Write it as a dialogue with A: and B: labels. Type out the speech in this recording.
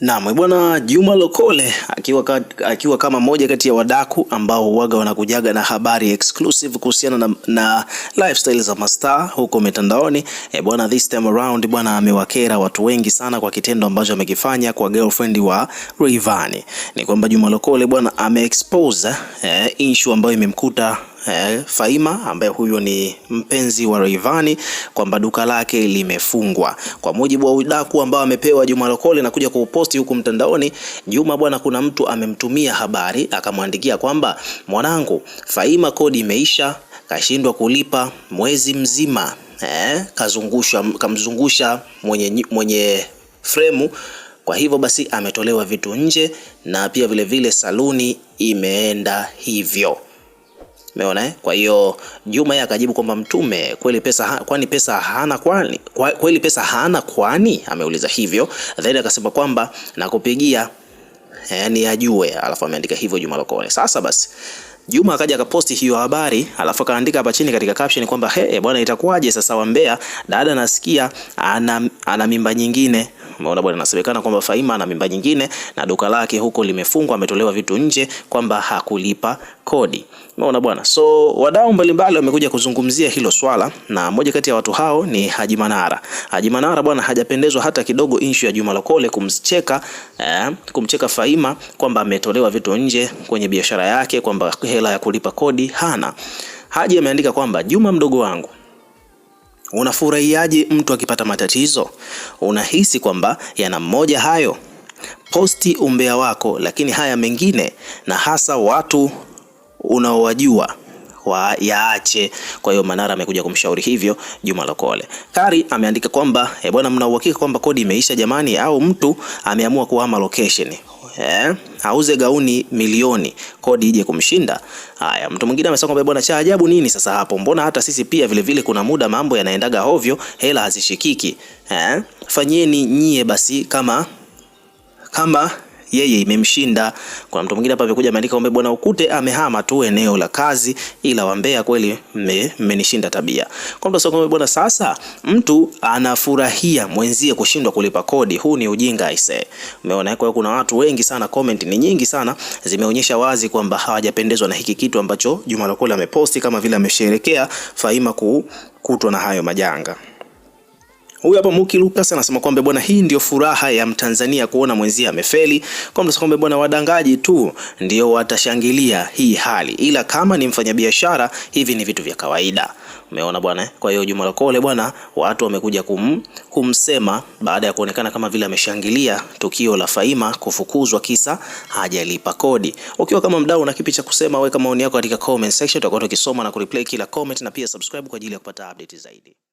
A: Naam, e bwana Juma Lokole akiwa, ka, akiwa kama moja kati ya wadaku ambao waga wanakujaga na habari exclusive kuhusiana na, na lifestyle za mastaa huko mitandaoni. E, bwana this time around bwana amewakera watu wengi sana kwa kitendo ambacho amekifanya kwa girlfriend wa Rayvanny. Ni kwamba Juma Lokole bwana ameexpose eh, issue ambayo imemkuta eh, Faima ambaye huyo ni mpenzi wa Rayvanny kwamba duka lake limefungwa. Kwa mujibu wa udaku ambao amepewa Juma Lokole na kuja kuposti huku mtandaoni, Juma bwana, kuna mtu amemtumia habari akamwandikia kwamba mwanangu, Faima kodi imeisha, kashindwa kulipa mwezi mzima eh, kazungusha kamzungusha mwenye, mwenye fremu kwa hivyo basi ametolewa vitu nje na pia vilevile vile saluni imeenda hivyo. Umeona eh? Kwa hiyo Juma yeye akajibu kwamba Mtume kweli pesa ha, kwani pesa hana kwani kwa, kweli pesa hana kwani ameuliza hivyo, then akasema kwamba nakupigia, yani eh, ajue, alafu ameandika hivyo Juma Lokole. Sasa basi Juma akaja akaposti hiyo habari, alafu akaandika hapa chini katika caption kwamba he, bwana itakuwaje sasa wa Mbeya, dada nasikia ana, ana mimba nyingine. Umeona bwana, inasemekana kwamba Faima ana mimba nyingine na duka lake huko limefungwa, ametolewa vitu nje kwamba hakulipa kodi. Umeona bwana, so wadau mbalimbali wamekuja kuzungumzia hilo swala, na moja kati ya watu hao ni Haji Manara. Haji Manara bwana hajapendezwa hata kidogo issue ya Juma Lokole kumcheka eh, kumcheka Faima kwamba ametolewa vitu nje kwenye biashara yake kwamba hela ya kulipa kodi hana. Haji ameandika kwamba Juma mdogo wangu, unafurahiaje mtu akipata matatizo? Unahisi kwamba yana mmoja hayo posti umbea wako, lakini haya mengine na hasa watu unaowajua wa yaache. Kwa hiyo Manara amekuja kumshauri hivyo Juma Lokole. Kari ameandika kwamba e, bwana, mna uhakika kwamba kodi imeisha jamani, au mtu ameamua kuhama location? eh, auze gauni milioni, kodi ije kumshinda. Haya, mtu mwingine amesema kwamba bwana, cha ajabu nini sasa hapo? Mbona hata sisi pia vile vile kuna muda mambo yanaendaga hovyo, hela hazishikiki eh? Fanyeni nyie basi kama kama yeye imemshinda. Kuna mtu mwingine hapa amekuja ameandika ombe bwana Ukute amehama tu eneo la kazi, ila wambea kweli mmenishinda me, tabia. Kwa mtu sasa bwana, sasa mtu anafurahia mwenzie kushindwa kulipa kodi, huu ni ujinga aise. Umeona, kwa kuna watu wengi sana, comment ni nyingi sana zimeonyesha wazi kwamba hawajapendezwa na hiki kitu ambacho Juma Lokole ameposti, kama vile amesherekea Faima kukutwa na hayo majanga. Huyu hapa Muki Lucas anasema kwamba bwana, hii ndio furaha ya Mtanzania kuona mwenzie amefeli. Kwamba bwana, wadangaji tu ndio watashangilia hii hali, ila kama ni mfanyabiashara hivi ni vitu vya kawaida. Umeona bwana eh? Kwa hiyo Juma Lokole bwana, watu wamekuja kum, kumsema baada ya kuonekana kama vile ameshangilia tukio la Faima kufukuzwa kisa hajalipa kodi. Ukiwa kama mdau na kipi cha kusema, weka maoni yako katika comment section, tutakuwa tukisoma na kureplay kila comment, na pia subscribe kwa ajili ya kupata update zaidi.